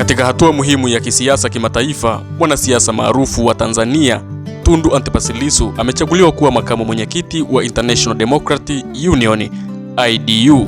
Katika hatua muhimu ya kisiasa kimataifa, mwanasiasa maarufu wa Tanzania Tundu Antipas Lissu amechaguliwa kuwa makamu mwenyekiti wa International Democratic Union IDU,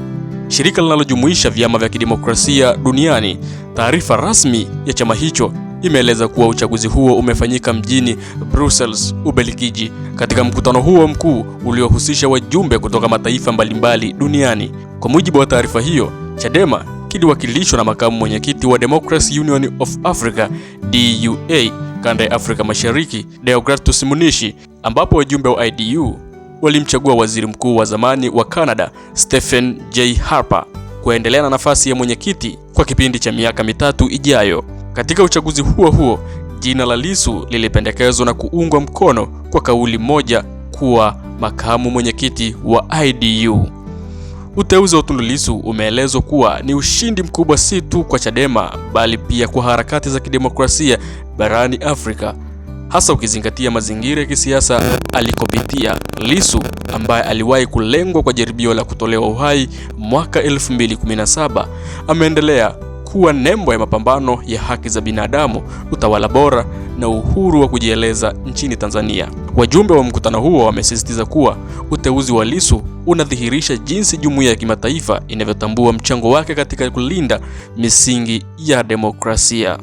shirika linalojumuisha vyama vya kidemokrasia duniani. Taarifa rasmi ya chama hicho imeeleza kuwa uchaguzi huo umefanyika mjini Brussels, Ubelgiji. Katika mkutano huo mkuu uliohusisha wajumbe kutoka mataifa mbalimbali duniani. Kwa mujibu wa taarifa hiyo, Chadema kiliwakilishwa na makamu mwenyekiti wa Democracy Union of Africa DUA kanda ya Afrika Mashariki Deogratus Munishi, ambapo wajumbe wa IDU walimchagua waziri mkuu wa zamani wa Canada Stephen J Harper kuendelea na nafasi ya mwenyekiti kwa kipindi cha miaka mitatu ijayo. Katika uchaguzi huo huo, jina la lisu lilipendekezwa na kuungwa mkono kwa kauli moja kuwa makamu mwenyekiti wa IDU. Uteuzi wa Tundu Lissu umeelezwa kuwa ni ushindi mkubwa si tu kwa Chadema bali pia kwa harakati za kidemokrasia barani Afrika, hasa ukizingatia mazingira ya kisiasa alikopitia Lissu ambaye aliwahi kulengwa kwa jaribio la kutolewa uhai mwaka 2017. Ameendelea kuwa nembo ya mapambano ya haki za binadamu, utawala bora na uhuru wa kujieleza nchini Tanzania. Wajumbe wa mkutano huo wamesisitiza kuwa uteuzi wa Lissu unadhihirisha jinsi jumuiya ya kimataifa inavyotambua mchango wake katika kulinda misingi ya demokrasia.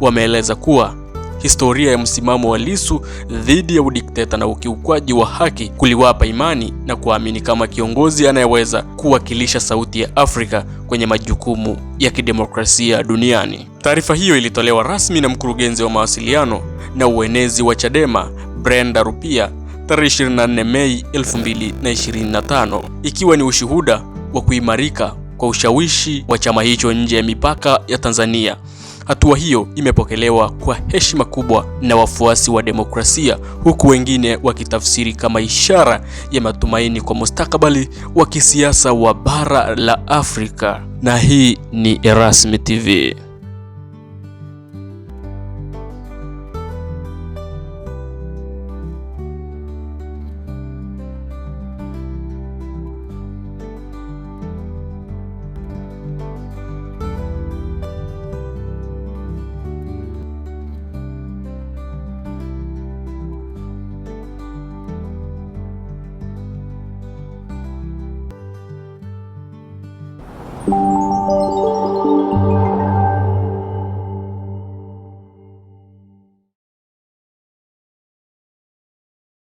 Wameeleza kuwa historia ya msimamo wa Lissu dhidi ya udikteta na ukiukwaji wa haki kuliwapa imani na kuamini kama kiongozi anayeweza kuwakilisha sauti ya Afrika kwenye majukumu ya kidemokrasia duniani. Taarifa hiyo ilitolewa rasmi na mkurugenzi wa mawasiliano na uenezi wa Chadema Brenda Rupia tarehe 24 Mei 2025 ikiwa ni ushuhuda wa kuimarika kwa ushawishi wa chama hicho nje ya mipaka ya Tanzania. Hatua hiyo imepokelewa kwa heshima kubwa na wafuasi wa demokrasia, huku wengine wakitafsiri kama ishara ya matumaini kwa mustakabali wa kisiasa wa bara la Afrika. Na hii ni Erasmi TV. Música